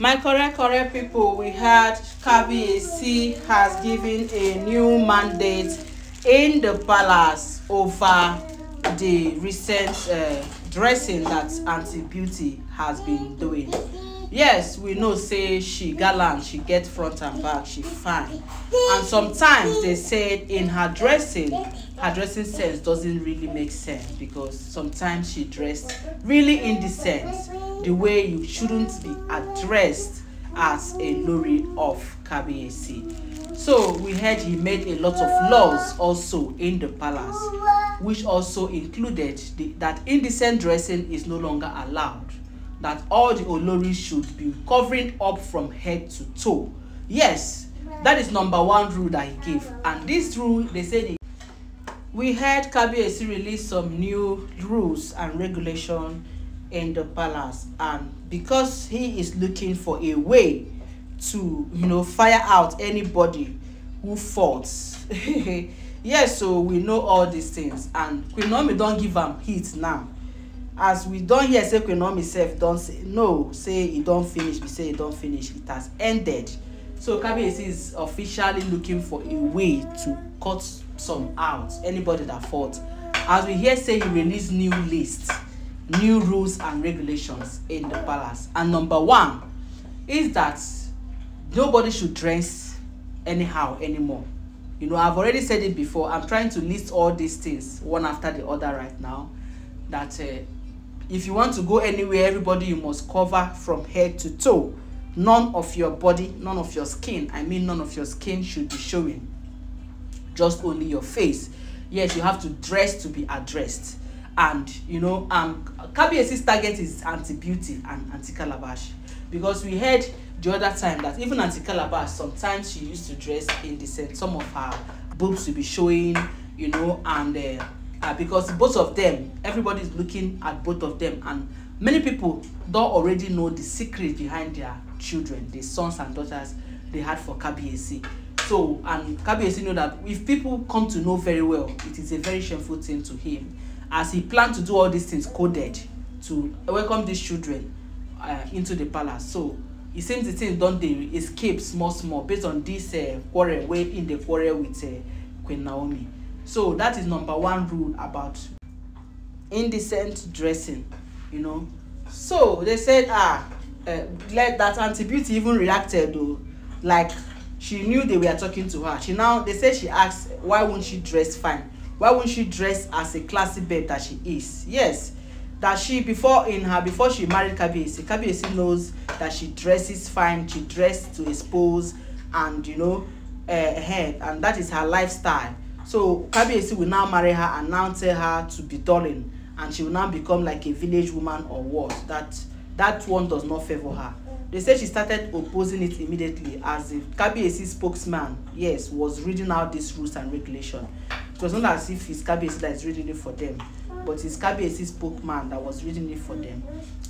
My correct, correct people, we heard KBAC has given a new mandate in the palace over the recent uh, dressing that Auntie Beauty has been doing. Yes, we know say she gallant, she get front and back, she fine. And sometimes they said in her dressing, her dressing sense doesn't really make sense because sometimes she dressed really indecent the way you shouldn't be addressed as a lorry of kabiyesi so we heard he made a lot of laws also in the palace which also included the, that indecent dressing is no longer allowed that all the olori should be covering up from head to toe yes that is number one rule that he gave and this rule they said he we heard kabiyesi release some new rules and regulation in the palace and because he is looking for a way to you know fire out anybody who faults yes so we know all these things and queen naomi don give am heat now as we don hear say queen naomi sef don say no say e don finish be say e don finish it has ended so kábíyèsí is officially looking for a way to cut some out anybody that fought as we hear say he release new list new rules and regulations in the palace and number one is that nobody should dress anyhow anymore you know i've already said it before i'm trying to list all these things one after the other right now that uh, if you want to go anywhere everybody you must cover from head to toe none of your body none of your skin i mean none of your skin should be showing just only your face yes you have to dress to be addressed and you know um kabiyesi's target is anti-beauty and anti-calabash because we heard the other time that even anti-calabash sometimes she used to dress indecent some of her boobs will be showing you know and uh, uh, because both of them everybody is looking at both of them and many people don already know the secret behind their children the sons and daughters they had for kabiyesi so and kabiyesi know that if people come to know very well it is a very shameful thing to him as he plan to do all these things coded to welcome these children uh, into the palace so e seems the thing don dey escape small small based on this uh, quarrel wey im dey quarrel with uh, queen naomi so that is number one rule about indecent dressing you know. so they said ah uh, let that aunty beauty even reacted o like she knew they were talking to her she now they said she asked why won't she dress fine why won't she dress as a classy babe that she is yes that she before in her before she married kabiyesi kabiyesi knows that she dresses fine she dress to expose and you know uh, head and that is her lifestyle so kabiyesi will now marry her and now tell her to be darling and she will now become like a village woman or worse that that one does not favour her they say she started opposing it immediately as the kabiyesi spokesman yes was reading out these rules and regulations it was not as if it's kabiyesi that is reading it for them but it's kabiyesi spokesman that was reading it for them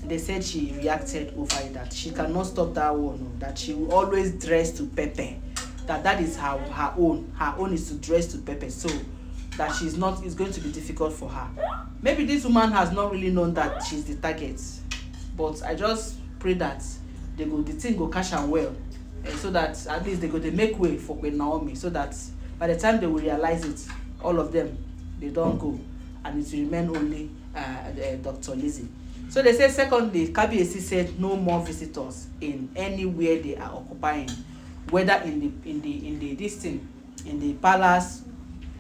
they said she reacted over it that she cannot stop that one oh, that she will always dress to pepe. that that is her her own her own is to dress to pepe. so that she's not it's going to be difficult for her maybe this woman has not really known that she's the target but i just pray that they go the thing go catch am well uh, so that at least they go dey make way for queen naomi so that by the time they will realize it all of them they don go and it will remain only uh, uh, dr lizzie so they say secondly kabiyesi said no more visitors in anywhere they are occupying whether in the in the in the this thing in the palace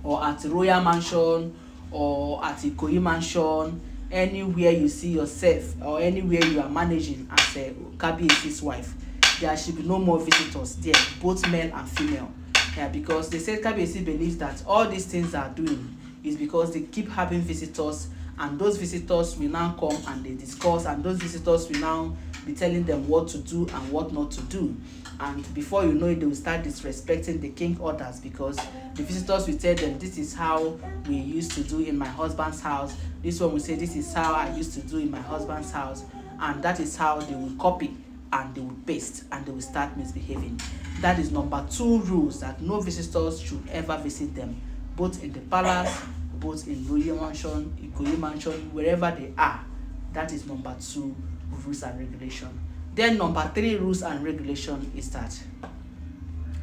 or at royal mansion or at ikoyi mansion anywhere you see yourself or anywhere you are managing as a kabiyesi's wife there should be no more visitors there both male and female yeah, because they said kabiyesi believes that all these things they are doing is because they keep having visitors and those visitors will now come and they discuss and those visitors will now be telling them what to do and what not to do and before you know it they will start disrespecting the king orders because the visitors will tell them this is how we used to do in my husband's house this one will say this is how i used to do in my husband's house and that is how they will copy and they will paste and they will start misbehaving that is number two rules that no visitors should ever visit them both in the palace both in Roye Mansion, Ikoyi Mansion, wherever they are. That is number two rules and regulation. Then number three rules and regulation is that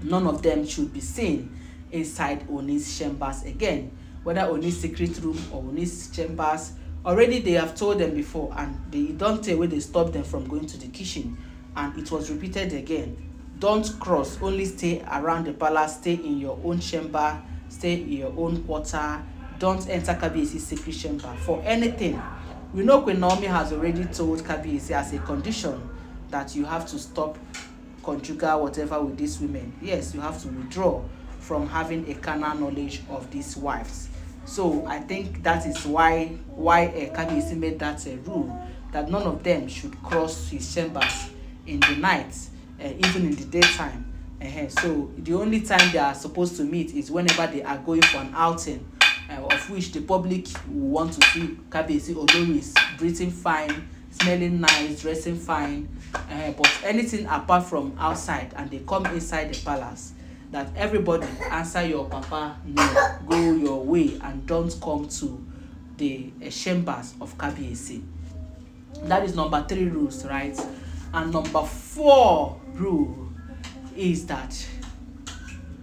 none of them should be seen inside Oni's chambers again, whether Oni's secret room or Oni's chambers. Already they have told them before and they don't tell where they stop them from going to the kitchen and it was repeated again. Don't cross, only stay around the palace, stay in your own chamber, stay in your own quarter, don't enter Kabiesi's secret chamber for anything. We know Queen Naomi has already told Kabiesi as a condition that you have to stop conjugal whatever with these women. Yes, you have to withdraw from having a carnal knowledge of these wives. So I think that is why why uh, Kabiesi made that a uh, eh, rule that none of them should cross his chambers in the night, uh, even in the daytime. Uh -huh. So the only time they are supposed to meet is whenever they are going for an outing uh, of which the public want to see Kabiyesi although he's breathing fine smelling nice dressing fine uh, but anything apart from outside and they come inside the palace that everybody answer your papa no, go your way and don't come to the uh, chambers of Kabiyesi that is number three rules right and number four rule is that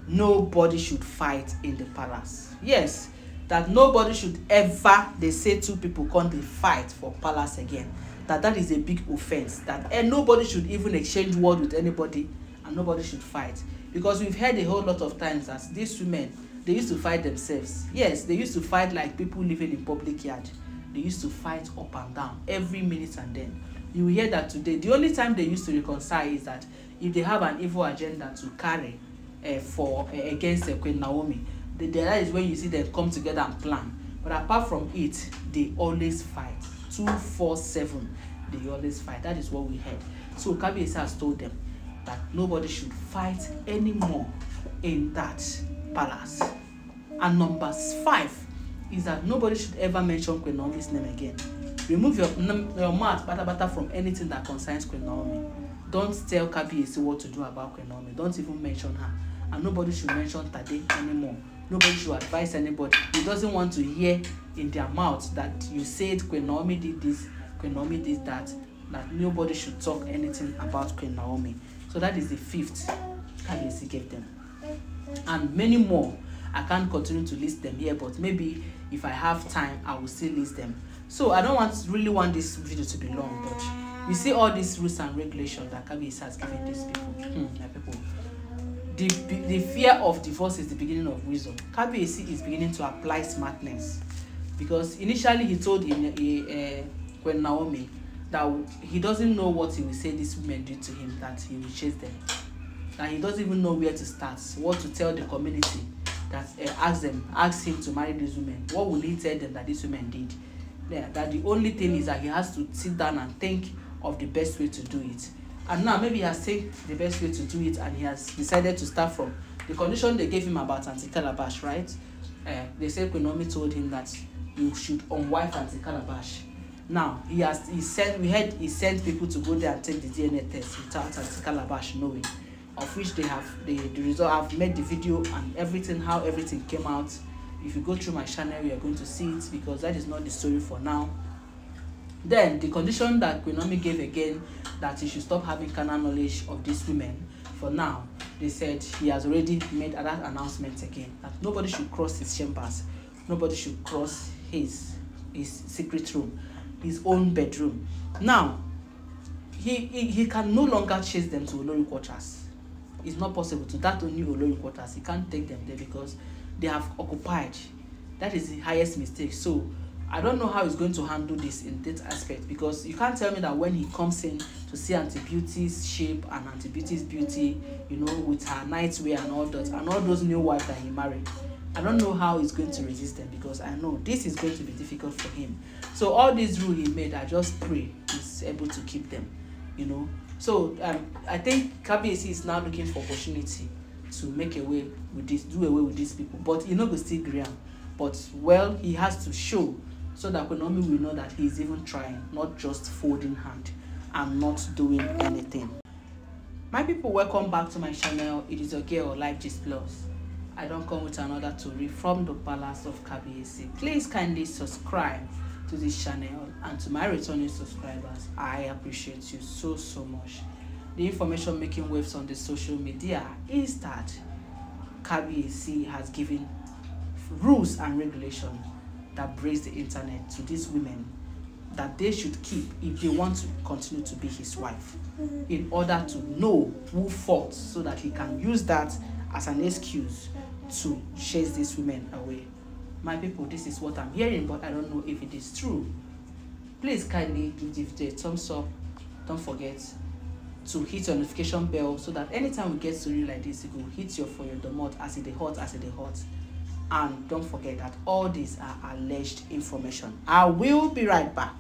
nobody should fight in the palace yes that nobody should ever dey say two people come dey fight for palace again that that is a big offence that eh, nobody should even exchange word with anybody and nobody should fight because we've heard a whole lot of times that these women they used to fight themselves yes they used to fight like people living in public yard they used to fight up and down every minute and then you hear that today the only time they used to reconcile is that if they have an evil agenda to carry uh, for uh, against uh, Queen Naomi the, the is where you see them come together and plan but apart from it they always fight two four seven they always fight that is what we heard so kabiyesi has told them that nobody should fight anymore in that palace and number five is that nobody should ever mention queen naomi's name again remove your your mouth patapata from anything that concerns queen naomi don't tell kabiyesi what to do about queen naomi don't even mention her and nobody should mention tade anymore Nobody should advise anybody. He doesn't want to hear in their mouth that you said Queen Naomi did this, Queen Naomi did that, that nobody should talk anything about Queen Naomi. So that is the fifth Kabiyesi gave them. And many more. I can't continue to list them here, but maybe if I have time, I will still list them. So I don't want really want this video to be long, but you see all these rules and regulations that Kabiyesi has given these people, hmm, people the the fear of divorce is the beginning of wisdom kabiyesi is beginning to apply smartness because initially he told in a uh, eh, when eh, naomi that he doesn't know what he will say this woman do to him that he will chase them that he doesn't even know where to start what to tell the community that uh, ask them ask him to marry this woman. what will he tell them that this woman did yeah, that the only thing is that he has to sit down and think of the best way to do it and now maybe he has taken the best way to do it and he has decided to start from the condition they gave him about Auntie Calabash, right? Uh, they said Quinomi told him that you should unwife Auntie Calabash. Now he has he sent we heard he sent people to go there and take the DNA test without Auntie Calabash knowing, of which they have the, the result. I've made the video and everything how everything came out. If you go through my channel, you are going to see it because that is not the story for now. Then the condition that Kwenomi gave again that he should stop having carnal knowledge of these women for now. They said he has already made other announcements again that nobody should cross his chambers, nobody should cross his his secret room, his own bedroom. Now, he he, he can no longer chase them to Olori quarters. It's not possible to that only Olori quarters. He can't take them there because they have occupied. That is the highest mistake. So I don't know how he's going to handle this in that aspect because you can't tell me that when he comes in to see Auntie Beauty's shape and Auntie Beauty's beauty, you know, with her nightwear and all that, and all those new wives that he married. I don't know how he's going to resist them because I know this is going to be difficult for him. So all these rules he made, I just pray he's able to keep them, you know. So um, I think KBC is now looking for opportunity to make away with this, do away with these people. But he no go still Graham. But well, he has to show so that Konomi will know that he's even trying, not just folding hand and not doing anything. My people, welcome back to my channel. It is your girl, Life Gist Plus. I don't come with another story from the palace of KBAC. Please kindly subscribe to this channel and to my returning subscribers. I appreciate you so, so much. The information making waves on the social media is that KBAC has given rules and regulations that braced the internet to these women that they should keep if they want to continue to be his wife mm-hmm. in order to know who fought so that he can use that as an excuse to chase these women away. My people, this is what I'm hearing, but I don't know if it is true. Please kindly give the a thumbs up. Don't forget to hit your notification bell so that anytime we get story like this, it will hit your for your domot as it is hot, as it is hot and don't forget that all these are alleged information i will be right back